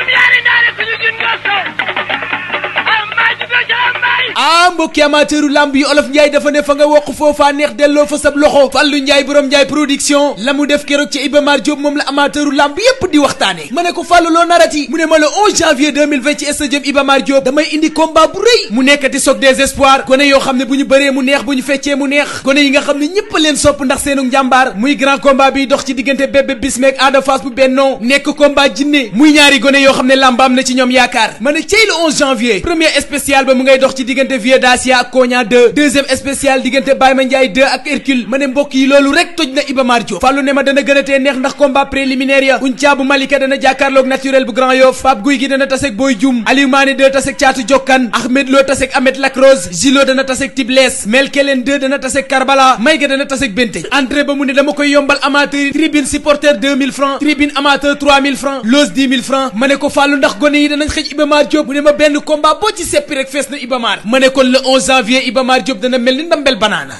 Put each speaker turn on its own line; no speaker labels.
Colombia! ah mbokki amateuru làmb yi olof njaay dafa ne fa nga wokk foofa neex delloo fa sab loxo fàllu njaay borom njaay production la mu def keroog ca Iba Mar Diop moom la amateuru lamb yépp di waxtaane ma ne ko fàllu loo narati mu ne ma le 11 janvier 2020 ci stade Iba Mar Diop damay indi combat bu rëy mu nekkati soog des espoirs gone yoo xam ne bu ñu bëree mu neex bu ñu feccee mu neex gone yi nga xam ne ñépp leen sopp ndax seenu njàmbaar muy grand combat bi dox ci diggante bébé bismeek Ada Fass bu bennoo nekk combat jinne muy ñaari gone yoo xam ne lambaam na ci ñoom yaakaar ma ne cey le 11 spécial ba mu ngay dox ci diggante diggante Vieux Dacia ak Koña 2 deuxième spécial diggante ne mbokk yi loolu rek toj na Iba Mar Diop fàllu ne ma dana gën a tee neex ndax combat préliminaire ya Jokkan Ahmed Lo tasek Ahmed Lacrose Gilo dana tasek Tibles Melkelen 2 dana tasek Karbala Mayga ba mu ne dama koy yombal amateur tribune supporter 2000 francs tribune amateur 3000 francs ma ne ko fàllu ndax gone yi danañ xëj Iba Mar mu ne ma benn combat boo ci seppi rek fees na Iba ma ne kon le 11 janvier Iba Mar Diop dana mel ni ndambel banaana